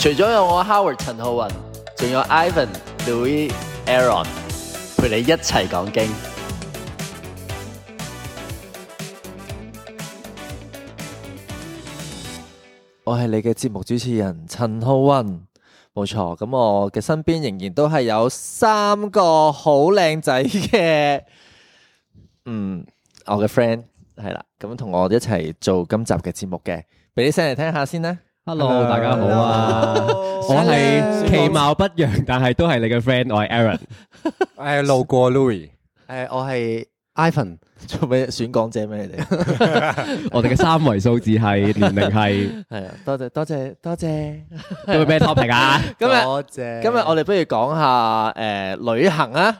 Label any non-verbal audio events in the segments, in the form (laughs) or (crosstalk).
除咗有我 Howard 陳浩雲，仲有 Ivan、 (music) Louis、Aaron 陪你一齊講經。 (music) 我係你嘅節目主持人陳浩雲，冇錯。咁我嘅身邊仍然都係有三個好靚仔嘅，嗯，我嘅 friend 係啦，咁同我一齊做今集嘅節目嘅，俾啲聲嚟聽下先啦。hello，, hello 大家好啊！了我係其貌不揚，但係都係你嘅 friend，我係 Aaron，我係路過 Louis，係、uh, 我係 Ivan 做咩選港姐畀你哋 (laughs) (laughs) 我哋嘅三圍數字係年齡係係啊！多謝多謝多謝，做咩 topic 啊？今日多謝，今日天 (laughs) 謝我哋不如講下誒旅行啊，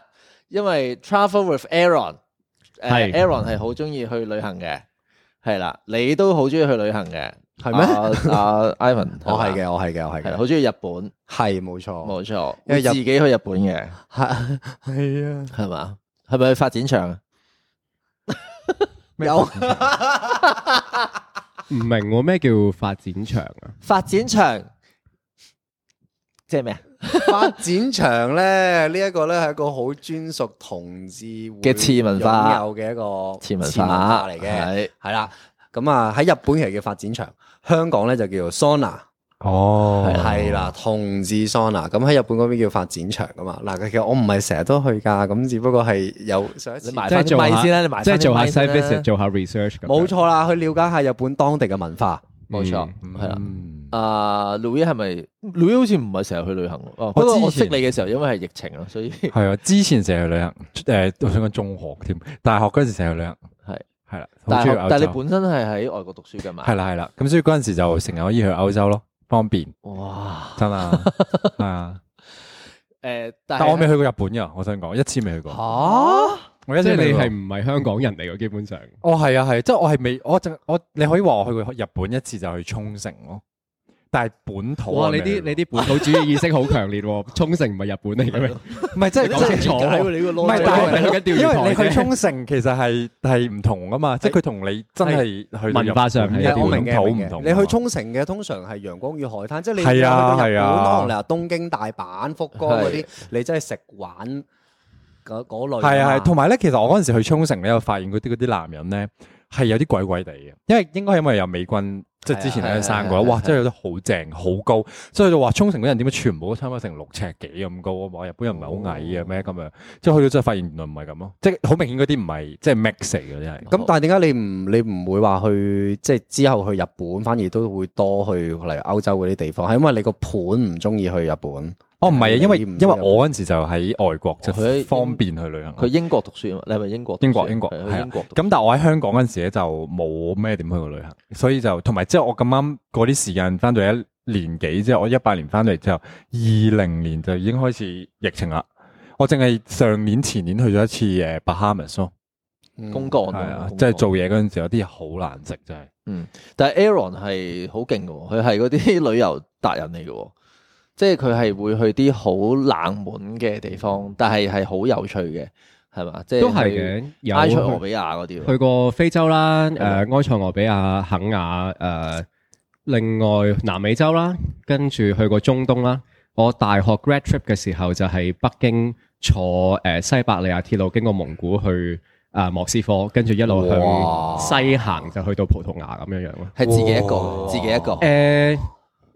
因為 travel with Aaron，係、呃是呃、Aaron 係好中意去旅行嘅，係啦，你都好中意去旅行嘅。係咩？阿是 Ivan，我係嘅，我係嘅，我係嘅。好中意日本，係，冇錯，冇錯，因為自己去日本嘅，係係 (laughs) 啊，係嘛？係咪去發展場啊？有唔明我咩叫發展場啊？ (laughs) (laughs) 發展場即係咩啊？發展場咧，呢一個咧係一個好專屬同志嘅次文化，有嘅一個次文化嚟嘅，係係啦。是 (laughs) 咁啊，喺日本其係叫發展場，香港咧就叫 Sona。哦，係啦，同志 Sona。咁喺日本嗰邊叫發展場噶嘛？嗱，其實我唔係成日都去噶，咁只不過係有上一次，你埋先啦即係做下即係做下 s 做下 research。冇錯啦，去了解下日本當地嘅文化。冇錯，係啦。啊、uh,，Louis 係咪路 o 好似唔係成日去旅行？哦，不過我識你嘅時候，因為係疫情咯，所以係前 (laughs) 啊，之前成日去旅行。誒、呃，仲想講中學添，大學嗰陣時成日去旅行。係啦，但係你本身係喺外國讀書嘅嘛？係啦係啦，咁所以嗰陣時就成日可以去歐洲咯，方便。哇，真啊啊！誒，但，但我未去過日本噶，我想講一次未去過。吓哈，即係你係唔係香港人嚟嘅？嗯、基本上，哦係啊係，即係我係未，我就我你可以話我去過日本一次，就去沖繩咯。但係本土哇！你啲你啲本土主義意識好強烈喎，沖繩唔係日本嚟嘅咩？唔係，真係講清楚。唔係，但係因為你去沖繩其實係係唔同㗎嘛，即係佢同你真係去文化上面有本土唔同。你去沖繩嘅通常係陽光與海灘，即係你去日本可能你話東京、大阪、福岡嗰啲，你真係食玩嗰嗰類。係啊係，同埋咧，其實我嗰陣時去沖繩，你又發現嗰啲啲男人咧。係有啲鬼鬼地嘅，因為應該係因為有美軍，即係、嗯、之前喺度生過，嗯、哇，真係有啲好正，好高，所以就話沖繩嗰人點解全部都差唔多成六尺幾咁高啊？話日本人唔係好矮嘅咩咁樣，即係去到真係發現原來唔係咁咯，即係好明顯嗰啲唔係即係 mix 嚟嘅真係。咁、哦、但係點解你唔你唔會話去即係之後去日本，反而都會多去例如歐洲嗰啲地方，係因為你個盤唔中意去日本。哦，唔係，因為因為我嗰陣時就喺外國、哦、就方便去旅行。佢英國讀書啊？你係咪英，英國？英國英國係啊。咁但係我喺香港嗰陣時咧就冇咩點去過旅行，所以就同埋即係我咁啱嗰啲時間翻咗一年幾之後，我一八年翻嚟之後，二零年就已經開始疫情啦。我淨係上年前年去咗一次誒巴哈馬咯、哦嗯，公幹。係啊的，即係做嘢嗰陣時有啲好難食，真係。嗯，但係 Aaron 係好勁嘅，佢係嗰啲旅遊達人嚟嘅。即係佢係會去啲好冷門嘅地方，但係係好有趣嘅，係嘛？即係都係嘅，有埃塞俄比亞嗰啲，去過非洲啦，誒有、呃，埃塞俄比亞、肯雅，誒、呃，另外南美洲啦，跟住去過中東啦。我大學 grad trip 嘅時候就係北京坐誒、呃、西伯利亞鐵路經過蒙古去啊、呃、莫斯科，跟住一路向西行哇就去到葡萄牙咁樣樣咯。係自己一個，自己一個，誒哇。呃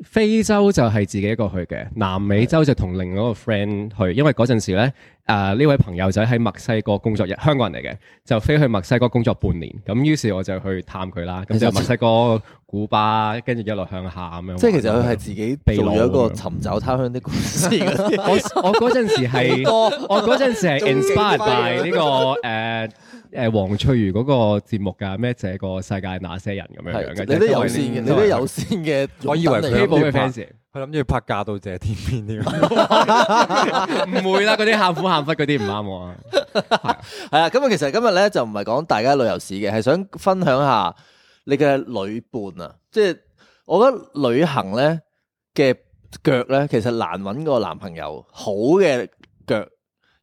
非洲就係自己一個去嘅，南美洲就同另外一個 friend 去，因為嗰陣時呢。誒，呢、uh, 位朋友仔喺墨西哥工作，日，香港人嚟嘅，就飛去墨西哥工作半年，咁於是我就去探佢啦。咁就墨西哥、古巴，跟住一路向下咁樣。即係其實佢係自己做咗一個尋找他鄉啲故事。我我嗰陣時係，我嗰陣時係 inspired by 呢、這個誒誒黃翠如嗰個節目㗎，咩這個世界那些人咁樣樣嘅。你啲有線嘅，你啲有線嘅，我以為佢係。佢諗住拍架到謝天邊添，唔會啦，嗰啲喊苦喊忽嗰啲唔啱我啊！係啦，咁啊， (laughs) 其實今日咧就唔係講大家旅遊史嘅，係想分享下你嘅旅伴啊！即係我覺得旅行咧嘅腳咧，其實難搵過男朋友好嘅腳，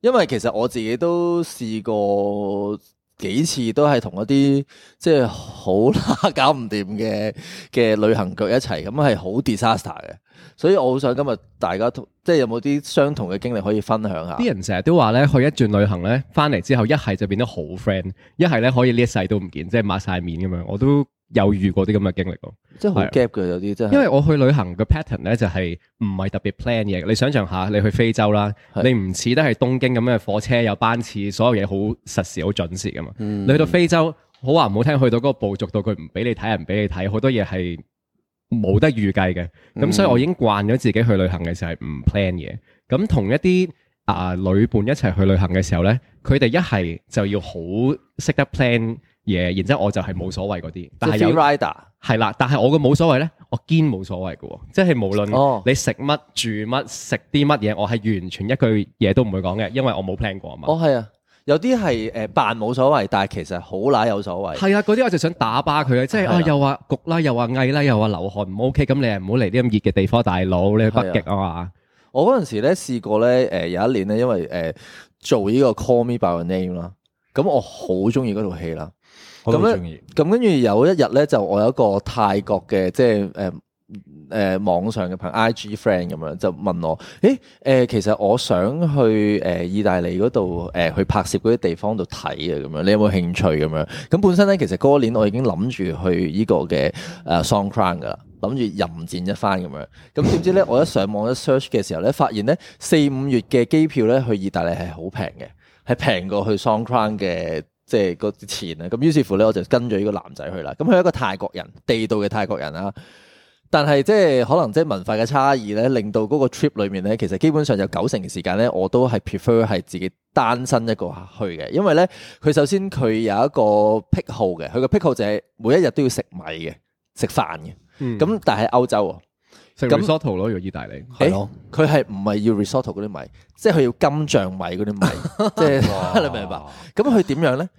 因為其實我自己都試過幾次都，都係同一啲即係好啦，搞唔掂嘅嘅旅行腳一齊，咁係好 disaster 嘅。所以我好想今日大家同即係有冇啲相同嘅經歷可以分享下？啲人成日都話咧去一轉旅行咧，翻嚟之後一係就變得好 friend，一係咧可以呢一世都唔見，即係抹晒面咁樣。我都有遇過啲咁嘅經歷咯，即係好 gap 嘅有啲，真係。因為我去旅行嘅 pattern 咧就係唔係特別 plan 嘢。你想象下，你去非洲啦，是你唔似得係東京咁嘅火車有班次，所有嘢好實時、好準時噶嘛。嗯嗯，你去到非洲，好話唔好聽，去到嗰個部族到佢唔俾你睇，人唔俾你睇，好多嘢係冇得預計嘅，咁、嗯、所以我已經慣咗自己去旅行嘅時候係唔 plan 嘢。咁同一啲啊、呃、女伴一齊去旅行嘅時候呢，佢哋一係就要好識得 plan 嘢，然之後我就係冇所謂嗰啲。嗯、但係有，係啦、嗯。但係、嗯、我嘅冇所謂呢。我堅冇所謂嘅，即係無論你食乜、哦、住乜食啲乜嘢，我係完全一句嘢都唔會講嘅，因為我冇 plan 過啊嘛。哦、嗯，係啊、嗯。有啲係誒扮冇所謂，但係其實好乸有所謂。係啊，嗰啲我就想打巴佢啊！即係啊，啊又話焗啦，又話翳啦，又話流汗唔 OK。咁你啊，唔好嚟啲咁熱嘅地方，大佬你去北極啊嘛、啊！我嗰陣時咧試過咧誒、呃，有一年咧，因為誒、呃、做呢個 Call Me By、Your、Name 啦，咁我好中意嗰套戲啦。我都中意。咁跟住有一日咧，就我有一個泰國嘅，即係誒。呃誒，網上嘅朋友 IG friend 咁樣就問我，誒，誒，其實我想去誒意大利嗰度誒去拍攝嗰啲地方度睇啊，咁樣你有冇興趣咁樣？咁本身咧，其實嗰年我已經諗住去呢個嘅誒 Songkran 噶啦，諗住淫戰一番咁樣。咁點知咧，我一上網一 search 嘅時候咧，發現咧四五月嘅機票咧去意大利係好平嘅，係平過去 Songkran 嘅即係嗰啲錢。啊，咁於是乎咧，我就跟咗呢個男仔去啦。咁佢係一個泰國人，地道嘅泰國人啊。但係即係可能即係文化嘅差異咧，令到嗰個 trip 裡面咧，其實基本上有九成嘅時間咧，我都係 prefer 係自己單身一個去嘅。因為咧，佢首先佢有一個癖好嘅，佢個癖好就係每一日都要食米嘅，食飯嘅。咁、嗯、但係喺歐洲啊，食 risotto 咯，呢個意大利係、欸、咯，佢係唔係要 risotto 嗰啲米，即係佢要金像米嗰啲米，即係你明唔明啊？咁佢點樣咧？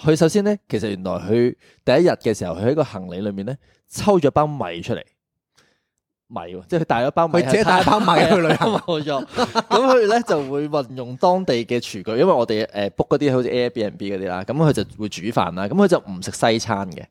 佢首先咧，其實原來佢第一日嘅時候，佢喺個行李裏面咧，抽咗包米出嚟。米，即係佢帶咗包米，自己帶一包米去 (laughs) 旅行冇錯。咁佢咧就會運用當地嘅廚具，因為我哋誒 book 嗰啲好似 Airbnb 嗰啲啦，咁佢就會煮飯啦。咁佢就唔食西餐嘅，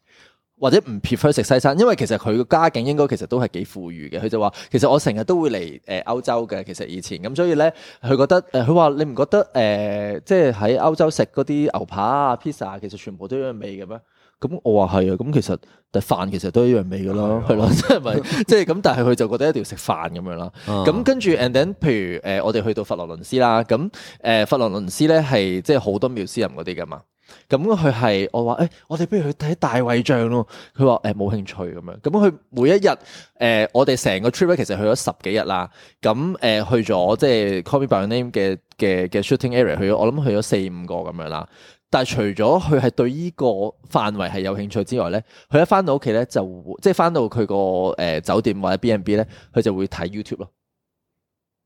或者唔 prefer 食西餐，因為其實佢嘅家境應該其實都係幾富裕嘅。佢就話：其實我成日都會嚟誒歐洲嘅，其實以前咁，所以咧佢覺得誒，佢話你唔覺得誒、呃，即係喺歐洲食嗰啲牛扒啊、pizza，其實全部都有味嘅咩？咁我話係啊，咁其實但飯其實都一樣味嘅咯，係咯，即係咪？即係咁， (laughs) (laughs) 但係佢就覺得一定要食飯咁樣啦。咁跟住，and then，譬如誒，我哋去到佛羅倫斯啦。咁誒，佛羅倫斯咧係即係好多廟師人嗰啲噶嘛。咁佢係我話誒，我哋、哎、不如去睇大衞像咯。佢話誒冇興趣咁樣。咁佢每一日誒、呃，我哋成個 trip 其實去咗十幾日啦。咁誒，去咗即係 Call Me By Your Name 嘅嘅嘅 shooting area，去咗我諗去咗四五個咁樣啦。但係除咗佢係對依個範圍係有興趣之外咧，佢一翻到屋企咧就會即係翻到佢個誒酒店或者 B&B 咧，佢就會睇 YouTube 咯。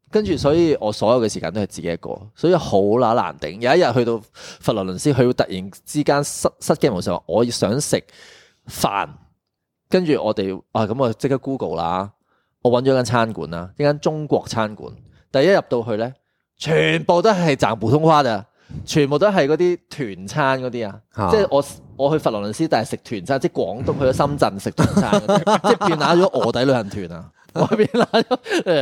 跟住所以我所有嘅時間都係自己一個，所以好乸難頂。有一日去到佛羅倫斯，佢會突然之間失失驚無神，我想食飯。跟住我哋，啊咁我即刻 Google 啦，我揾咗間餐館啦，一間中國餐館。但一入到去咧，全部都係講普通話咋。全部都係嗰啲團餐嗰啲啊，即係我我去佛羅倫斯，但係食團餐，即係廣東 (laughs) 去咗深圳食團餐， (laughs) 即係變乸咗臥底旅行團啊，我 (laughs) 變乸咗，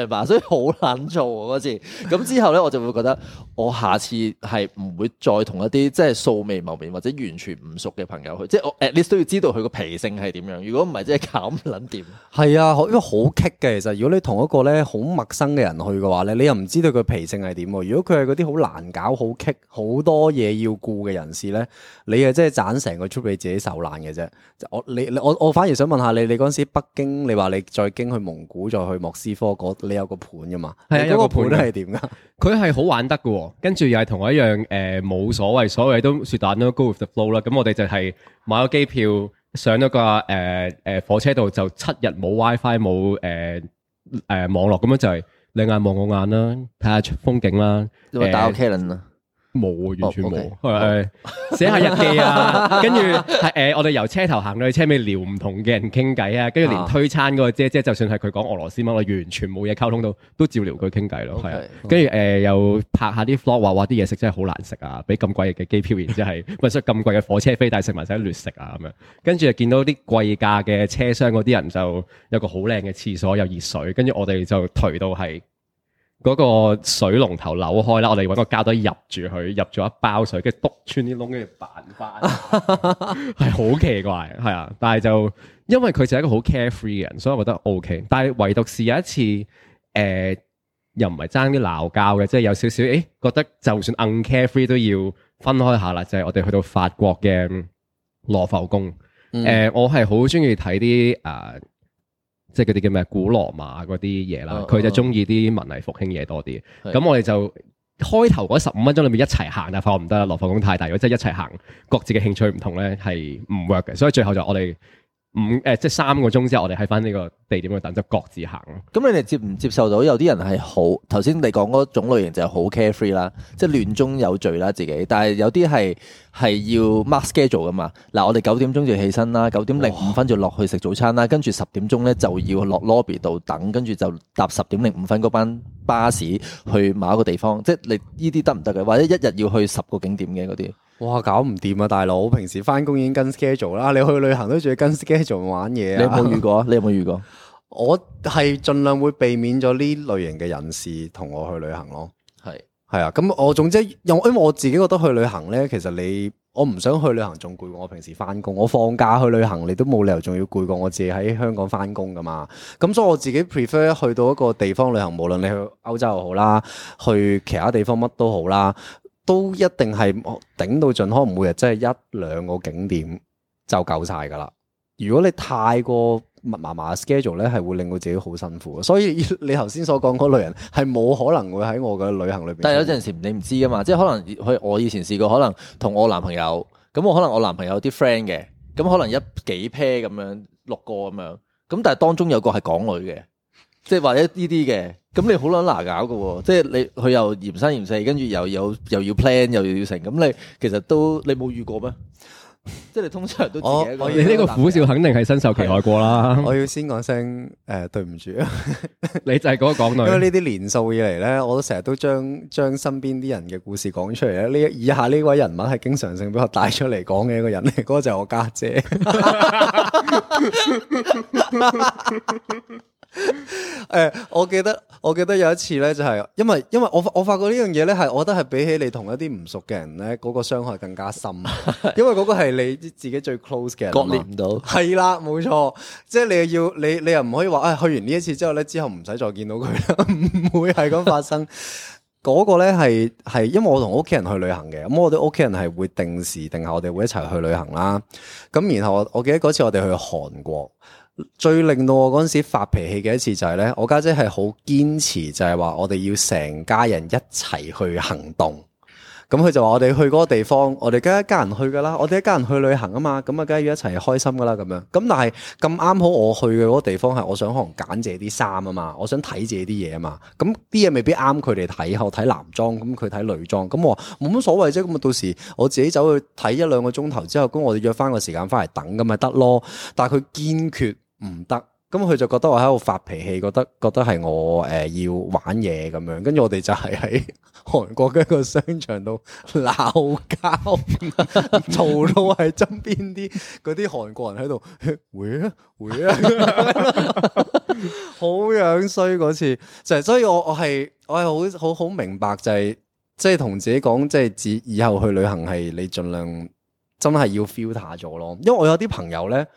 嗱，所以好難做嗰次啊。咁 (laughs) 之後咧，我就會覺得。我下次係唔會再同一啲即係素未謀面或者完全唔熟嘅朋友去，即係我 at least 都要知道佢個脾性係點樣。如果唔係，即係搞唔捻掂。係啊，因為好棘嘅其實，如果你同一個咧好陌生嘅人去嘅話咧，你又唔知道佢脾性係點。如果佢係嗰啲好難搞、好棘、好多嘢要顧嘅人士咧，你係即係盞成個出畀自己受難嘅啫。我你我我反而想問下你，你嗰陣時北京，你話你再經去蒙古，再去莫斯科嗰，你有個盤噶嘛？係啊，有個盤都係點㗎？佢係好玩得㗎喎。跟住又係同我一樣，誒、呃、冇所謂，所謂都雪彈都 go with the flow 啦。咁我哋就係買咗機票，上咗個誒誒、呃呃、火車度，就七日冇 wifi 冇誒誒、呃呃、網絡咁樣，就是，就係你眼望我眼啦，睇下風景啦。點、呃、解打我 calen 冇啊，完全冇，係寫、oh, okay. 下日記啊， (laughs) 跟住係誒，我哋由車頭行到去車尾聊唔同嘅人傾偈啊，跟住連推餐嗰個姐姐，就算係佢講俄羅斯文，我完全冇嘢溝通到，都照撩佢傾偈咯，係啊，跟住誒又拍下啲 vlog，話話啲嘢食真係好難食啊，俾咁貴嘅機票，然之後係、就是，咪咁 (laughs) 貴嘅火車飛，但係食埋使劣食啊咁樣，跟住就見到啲貴價嘅車廂嗰啲人就有個好靚嘅廁所，有熱水，跟住我哋就頹到係。嗰個水龍頭扭開啦，我哋搵個膠袋入住佢，入咗一包水，跟住篤穿啲窿，跟住扮返，係 (laughs) 好奇怪，係啊！但係就因為佢就係一個好 carefree 嘅人，所以我覺得 OK。但係唯獨是有一次，誒、呃、又唔係爭啲鬧交嘅，即、就、係、是、有少少誒、欸、覺得就算硬 carefree 都要分開下啦。就係、是、我哋去到法國嘅羅浮宮，誒、呃、我係好鍾意睇啲啊～、uh, 即係嗰啲叫咩古羅馬嗰啲嘢啦，佢、哦哦、就中意啲文藝復興嘢多啲。咁的我哋就開頭嗰十五分鐘裏面一齊行啊，但發覺唔得啊，羅浮宮太大。如果即係一齊行，各自嘅興趣唔同咧，係唔 work 嘅。所以最後就我哋。五誒、呃，即三個鐘之後，我哋喺翻呢個地點去等，就各自行咯。咁你哋接唔接受到有？有啲人係好，頭先你講嗰種類型就係好 carefree 啦，即係亂中有序啦自己。但係有啲係係要 mark schedule 噶嘛。嗱，我哋九點鐘就要起身啦，九點零五分就落去食早餐啦。跟住十點鐘咧就要落 lobby 度等，跟住就搭十點零五分嗰班巴士去某一個地方。即係你呢啲得唔得嘅？或者一日要去十個景點嘅嗰啲？哇，搞唔掂啊，大佬！平時翻工已經跟 schedule 啦，你去旅行都仲要跟 schedule 玩嘢，啊啊。你有冇遇過？你有冇遇過？我係盡量會避免咗呢類型嘅人士同我去旅行咯。係係是啊，咁我總之，因因為我自己覺得去旅行呢，其實你我唔想去旅行，仲攰過我平時翻工。我放假去旅行，你都冇理由仲要攰過我自己喺香港翻工噶嘛。咁所以我自己 prefer 去到一個地方旅行，無論你去歐洲又好啦，去其他地方乜都好啦。都一定係頂到盡，可能每日真係一兩個景點就夠晒㗎啦。如果你太過密麻麻 schedule 咧，係會令到自己好辛苦。所以你頭先所講嗰類人係冇可能會喺我嘅旅行裏邊。但係有陣時你唔知㗎嘛，即係可能佢我以前試過，可能同我男朋友咁，我可能我男朋友啲 friend 嘅，咁可能一幾 pair 咁樣，六個咁樣，咁但係當中有個係港女嘅。即係或者呢啲嘅，咁你好撚難搞嘅，即係你佢又嫌三嫌四，跟住又又又要 plan 又要成，咁你其實都你冇遇過咩？ (laughs) 即係你通常都自己一個 (laughs) 你呢個苦笑肯定係深受其害過啦。 (laughs) 我要先講聲誒，對唔住， (laughs) 你就係嗰個港女。 (laughs) 因為呢啲年數以嚟咧，我都成日都將將身邊啲人嘅故事講出嚟咧。呢以下呢位人物係經常性畀我帶出嚟講嘅一個人嚟，嗰、嗰個就係我家姐,姐。 (laughs) (laughs) 誒、 (laughs) 欸，我記得我記得有一次咧、就是，就係因為因為我我發覺呢樣嘢咧，係我覺得係比起你同一啲唔熟嘅人咧，嗰、那個傷害更加深， (laughs) 因為嗰個係你自己最 close 嘅人割裂唔到，係啦，冇錯，即係你要你你又唔可以話啊、哎，去完呢一次之後咧，之後唔使再見到佢啦，唔會係咁發生。嗰 (laughs) 個咧係係因為我同屋企人去旅行嘅，咁我哋屋企人係會定時定候我哋會一齊去旅行啦。咁然後我我記得嗰次我哋去韓國。最令到我嗰陣時發脾氣嘅一次就係咧，我家姐係好堅持，就係話我哋要成家人一齊去行動。咁佢就話我哋去嗰個地方，我哋梗係一家人去噶啦，我哋一家人去旅行啊嘛，咁啊梗係要一齊開心噶啦咁樣。咁但係咁啱好我去嘅嗰個地方係我想可能揀自己啲衫啊嘛，我想睇自己啲嘢啊嘛。咁啲嘢未必啱佢哋睇，我睇男裝，咁佢睇女裝，咁我冇乜所謂啫。咁啊到時我自己走去睇一兩個鐘頭之後，咁我哋約翻個時間翻嚟等咁咪得咯。但係佢堅決。唔得，咁佢、嗯、就覺得我喺度發脾氣，覺得覺得係我誒要玩嘢咁樣，跟住我哋就係喺韓國嘅一個商場度鬧交，嘈 (laughs) 到喺身邊啲嗰啲韓國人喺度會啊會啊，好樣衰嗰次，就係所以我我係我係好好好明白、就是，就係即係同自己講，即係自以後去旅行係你盡量真係要 filter 咗咯，因為我有啲朋友咧。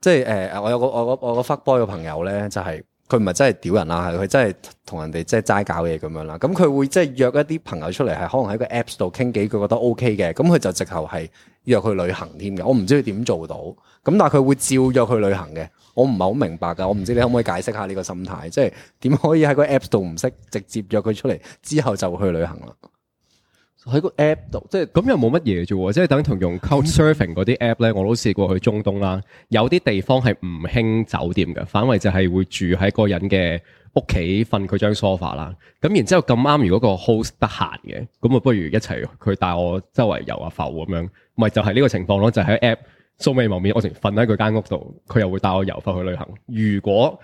即係誒、呃，我有個我，我有個我個 fuck boy 嘅朋友咧，就係佢唔係真係屌人啦，係佢真係同人哋即係齋搞嘢咁樣啦。咁、嗯、佢、嗯嗯、會即係約一啲朋友出嚟，係可能喺個 apps 度傾幾句覺得 OK 嘅，咁、嗯、佢就直頭係約去旅行添嘅。我唔知佢點做到，咁但係佢會照約去旅行嘅。我唔係好明白噶，我唔知你可唔可以解釋下呢個心態，即係點可以喺個 apps 度唔識直接約佢出嚟，之後就去旅行啦。喺個 app 度，即係咁 (noise) 又冇乜嘢啫。即係等同用 couchsurfing 嗰啲 app 咧，我都試過去中東啦。有啲地方係唔興酒店嘅，反為就係會住喺個人嘅屋企瞓佢張 sofa 啦。咁然之後咁啱，如果個 host 得閒嘅，咁啊不如一齊佢帶我周圍遊下浮咁樣。咪就係、是、呢個情況咯。就喺、是、app 素未謀面，我成瞓喺佢間屋度，佢又會帶我遊翻去旅行。如果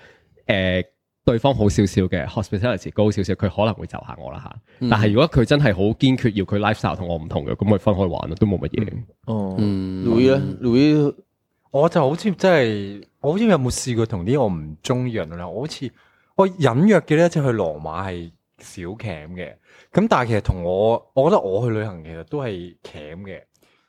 誒？呃對方好少少嘅 hospitality 高少少，佢可能會就下我啦嚇。但係如果佢真係好堅決要，要佢 lifestyle 同我唔同嘅，咁咪分開玩咯，都冇乜嘢。哦、嗯，旅咧、嗯，旅，我就好似真係，我好似有冇試過同啲我唔中意人咧？我好似我隱約嘅咧，即、就係、去羅馬係少 cam 嘅，咁但係其實同我，我覺得我去旅行其實都係 cam 嘅。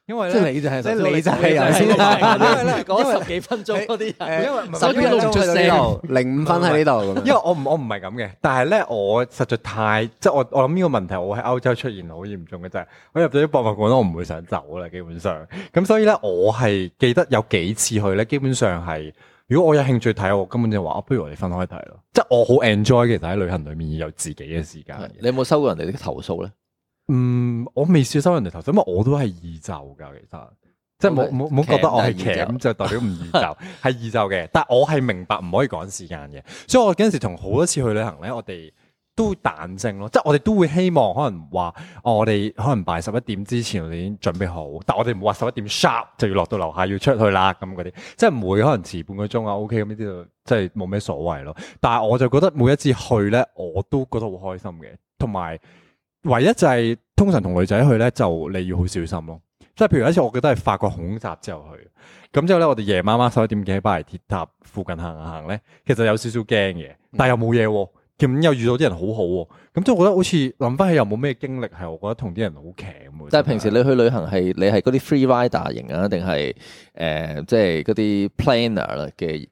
因為咧，即係你就係，即係你就係，先講十幾分鐘，十幾分鐘，零五分喺呢度。因為我唔，我唔係咁嘅，但係咧，我實在太，即係我，我諗呢個問題，我喺歐洲出現好嚴重嘅，就係。我入咗啲博物館咧，我唔會想走啦，基本上。咁所以咧，我係記得有幾次去咧，基本上係，如果我有興趣睇，我根本就話，不如我哋分開睇咯。即係我好 enjoy，其實喺旅行裏面有自己嘅時間。你有冇收過人哋啲投訴咧？嗯，我未少收人哋投，因為我都係易就噶，其實即係冇冇覺得我係騎，咁就代表唔易就，係易就嘅。但係我係明白唔可以趕時間嘅，所以我嗰陣時同好多次去旅行呢，我哋都彈性咯，即係我哋都會希望可能話，哦，我哋可能拜十一點之前我哋已經準備好，但係我哋唔會話十一點 sharp 就要落到樓下要出去啦咁嗰啲，即係唔會可能遲半個鐘啊，OK 咁呢啲就即係冇咩所謂咯。但係我就覺得每一次去呢，我都覺得好開心嘅，同埋。唯一就係通常同女仔去咧，就你要好小心咯。即係譬如有一次，我記得係法國恐襲之後去，咁之後咧，我哋夜晚晚十一點幾喺巴黎鐵塔附近行行咧，其實有少少驚嘅，但係又冇嘢喎。咁又遇到啲人好好、啊、喎，咁即係我覺得好似諗翻起又冇咩經歷係我覺得同啲人好夾喎。但係平時你去旅行係你係嗰啲 free rider 型啊，定係誒即係嗰啲 planner 啦嘅？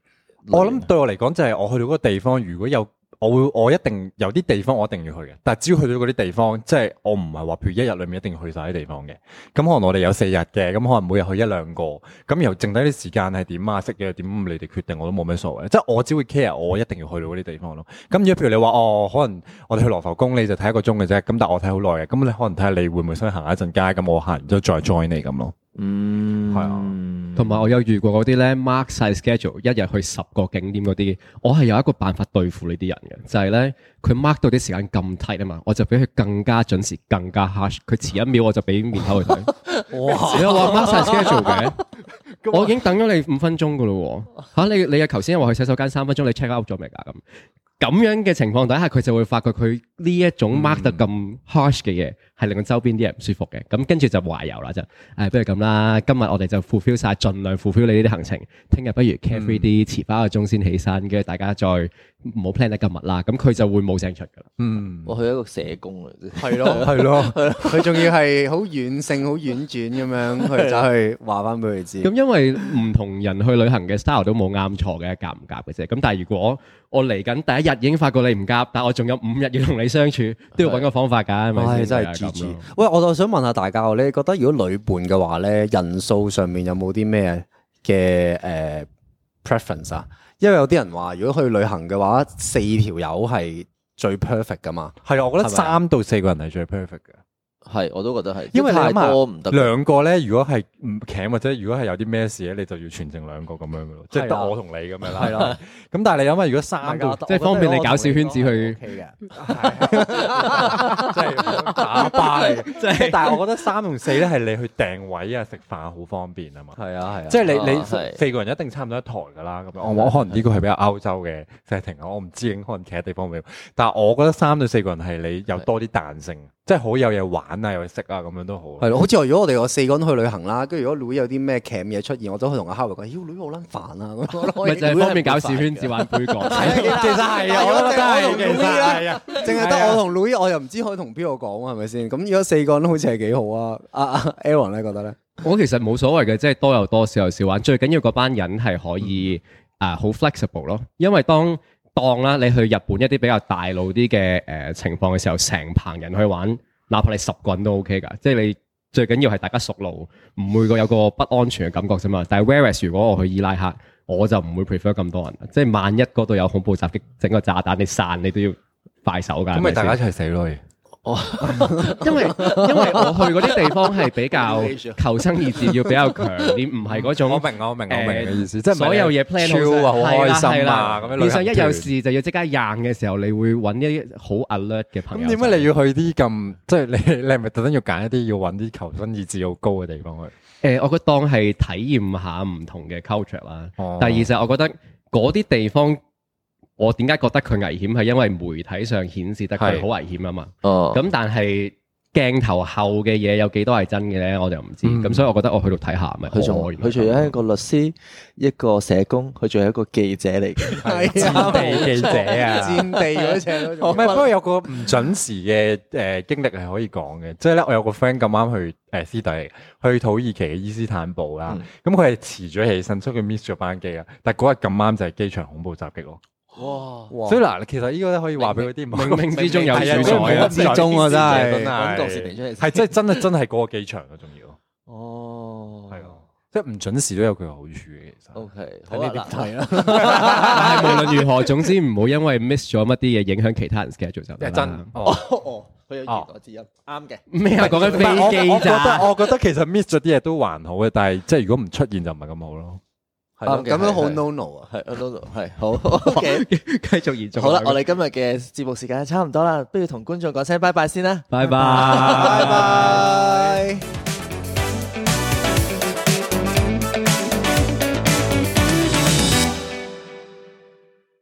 我諗對我嚟講就係我去到嗰個地方如果有。我會，我一定有啲地方我一定要去嘅。但係只要去到嗰啲地方，即係我唔係話譬如一日裏面一定要去晒啲地方嘅。咁可能我哋有四日嘅，咁可能每日去一兩個，咁然後剩低啲時間係點啊，食嘢點，你哋決定我都冇咩所謂，即係我只會 care 我一定要去到嗰啲地方咯。咁如果譬如你話哦，可能我哋去羅浮宮你就睇一個鐘嘅啫。咁但係我睇好耐嘅，咁你可能睇下你會唔會想行一陣街，咁我行完之後再 join 你咁咯。嗯，係啊。同埋我有遇過嗰啲咧，mark 晒 schedule，一日去十個景點嗰啲，我係有一個辦法對付呢啲人嘅，就係咧，佢 mark 到啲時間咁 tight 啊嘛，我就俾佢更加準時，更加 harsh，佢遲一秒我就俾面口去睇。哇！ (laughs) (laughs) 你又話 (laughs) mark 晒 schedule 嘅， (laughs) 我已經等咗你五分鐘噶啦喎，你你嘅頭先話去洗手間三分鐘，你 check out 咗未㗎？咁咁樣嘅情況底下，佢就會發覺佢呢一種 mark 得咁 harsh 嘅嘢。嗯係令個周邊啲人唔舒服嘅，咁跟住就懷柔啦，就誒，不如咁啦，今日我哋就 fulfill 晒，儘量 fulfill 你呢啲行程。聽日不如 carry 一啲遲返個鐘先起身，跟住大家再唔好 plan 得咁密啦。咁佢就會冇聲出噶啦。嗯，我去一個社工啊，係咯，係咯，佢仲要係好軟性、好婉轉咁樣去走去話翻俾佢知。咁因為唔同人去旅行嘅 style 都冇啱錯嘅，夾唔夾嘅啫。咁但係如果我嚟緊第一日已經發覺你唔夾，但我仲有五日要同你相處，都要揾個方法㗎，係咪？喂，我就想問下大家，你咧覺得如果旅伴嘅話咧，人數上面有冇啲咩嘅誒 preference 啊？因為有啲人話，如果去旅行嘅話，四條友係最 perfect 噶嘛。係啊，我覺得三到四個人係最 perfect 嘅。係，我都覺得係。因為兩個唔得，兩個咧，如果係唔鉗或者如果係有啲咩事咧，你就要全程兩個咁樣噶咯，即係得我同你咁樣啦。係啦，咁但係你諗下，如果三個，即係方便你搞小圈子去傾偈嘅，即係打巴嚟嘅，即係。但係我覺得三同四咧係你去訂位啊食飯好方便啊嘛。係啊係啊，即係你你四個人一定差唔多一台噶啦。咁我可能呢個係比較歐洲嘅 setting 我唔知可能其他地方未。但係我覺得三對四個人係你有多啲彈性。即係好有嘢玩啊，有嘢識啊，咁樣都好，啊。係咯，好似話如果我哋有四個人去旅行啦，啊，跟住如果女有啲咩鉗嘢出現，我都去同阿 h Howard 講，妖女好撚煩啊！咪就係方便搞小圈子玩杯葛。 (laughs) 其實係啊，我同其實係啊，淨係得我同女，我又唔知可以同邊個講係咪先？咁如果四個人好似係幾好啊？阿阿 Aaron 咧，覺得咧， (laughs) 我其實冇所謂嘅，即係多又多，少又少玩，最緊要嗰班人係可以誒好、嗯啊、flexible 咯，因為當。當啦，你去日本一啲比較大路啲嘅誒情況嘅時候，成棚人去玩，哪怕你十個人都 OK 㗎。即係你最緊要係大家熟路，唔會個有個不安全嘅感覺啫嘛。但係 Whereas 如果我去伊拉克，我就唔會 prefer 咁多人。即係萬一嗰度有恐怖襲擊，整個炸彈你散，你都要快手㗎。咁咪大家一齊死咯！哦，因為因為我去嗰啲地方係比較求生意志要比較強，你唔係嗰種。我明我明我明嘅意思，即係所有嘢 plan 好晒，係但係啦，其實一有事就要即刻硬嘅時候，你會揾一啲好 alert 嘅朋友。咁點解你要去啲咁？即係你你係咪特登要揀一啲要揾啲求生意志好高嘅地方去？誒，我覺得當係體驗下唔同嘅 culture 啦。哦，第二就係我覺得嗰啲地方。我點解覺得佢危險係因為媒體上顯示得佢好危險啊嘛，咁、哦、但係鏡頭後嘅嘢，有幾多係真嘅咧？我就唔知。咁、嗯、所以我覺得我去到睇下咪。佢仲佢除咗一個律師，嗯、一個社工，佢仲係一個記者嚟嘅，的 (laughs) 戰地記者啊， (laughs) 戰地嗰隻。唔係， (laughs) (laughs) (laughs) (laughs) 不過有個唔準時嘅誒經歷係可以講嘅，即係咧我有個 friend 咁啱去誒師弟去土耳其嘅伊斯坦布啦，咁佢係遲咗起身，所以佢 miss 咗班機啊。但係嗰日咁啱就係機場恐怖襲擊咯。哇！所以嗱，其實呢個咧可以話俾佢啲，冥冥之中有主宰之中啊！真係，講到時嚟出嚟，係真係真係真係個機場啊！仲要哦，係啊，即係唔準時都有佢好處嘅。其實，O K，好啊，但係無論如何，總之唔好因為 miss 咗乜啲嘢影響其他人 schedule 就走真哦哦，佢有意外之音，啱嘅。咩啊？講緊飛機咋？我覺得，我覺得其實 miss 咗啲嘢都還好嘅，但係即係如果唔出現就唔係咁好咯。啊，咁、嗯、樣好 no no 啊，係、uh, no no，係好，OK，繼續延續好。好啦，我哋今日嘅節目時間差唔多啦，不如同觀眾講聲拜拜先啦，拜拜，拜拜。